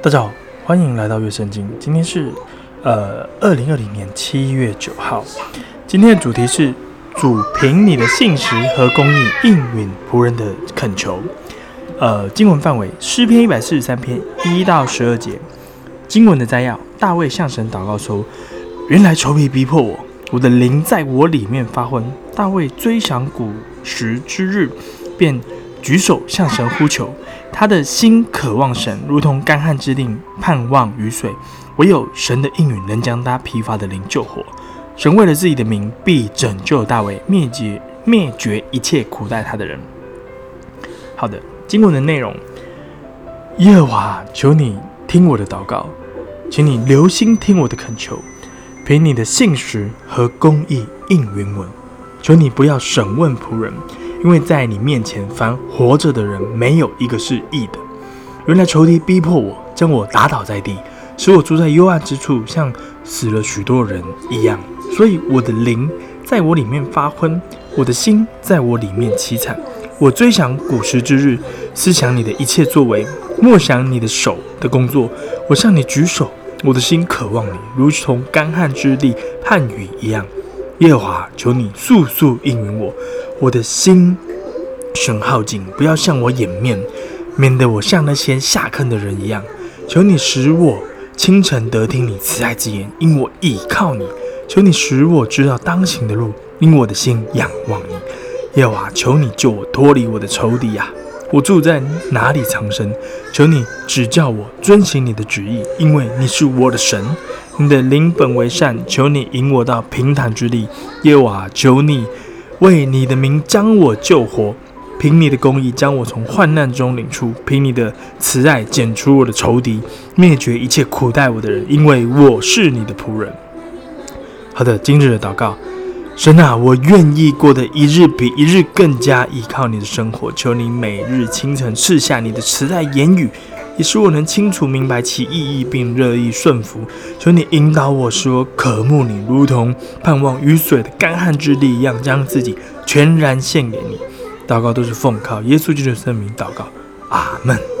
大家好，歡迎來到樂聖經。今天是呃二零二零年七月九號。今天的主題是主憑你的信實和公義應允僕人的懇求。呃，經文範圍詩篇一百四十三篇一到十二節。經文的摘要：大衛向神禱告說：“原來仇敵逼迫我，我的靈在我裡面發昏。”大衛追想古時之日，便舉手向神呼求，他的心渴望神，如同乾旱之地，盼望雨水，唯有神的應允能將他疲乏的靈救活。神為了自己的名，必拯救大衛，滅絕滅絕一切苦待他的人。好的，經文的內容：耶和華，求你聽我的禱告，請你留心聽我的懇求，憑你的信實和公義應允我。求你不要審問僕人。因為在你面前，凡活着的人沒有一個是義的。原來仇敵逼迫我，將我打倒在地，使我住在幽暗之處，像死了許多人一樣。所以我的靈在我裡面發昏，我的心在我裡面淒慘。我追想古時之日，思想你的一切作為，默想你的手的工作。我向你舉手，我的心渴望你，如同乾旱之地盼雨一樣。耶和華，求你速速應允我，我的心神耗盡，不要向我掩面，免得我像那些下坑的人一樣。求你使我清晨得聽你慈愛之言，因我倚靠你。求你使我知道當行的路，因我的心仰望你。耶和華，求你救我脫離我的仇敵呀、啊！我住在哪裡藏身？求你指教我遵行你的旨意，因為你是我的神。你的靈本為善，求你引我到平坦之地。耶和華，求你為你的名將我救活，憑你的公義將我從患難中領出，憑你的慈愛剪除我的仇敵，滅絕一切苦待我的人，因為我是你的僕人。好的，今日的禱告，神啊，我願意過得一日比一日更加依靠你的生活，求你每日清晨賜下你的慈愛言語。也使我能清楚明白其意義，並樂意順服。求你引導我，使我渴慕你，如同盼望雨水的乾旱之地一樣，將自己全然獻給你。禱告都是奉靠耶穌基督的聖名禱告，阿門。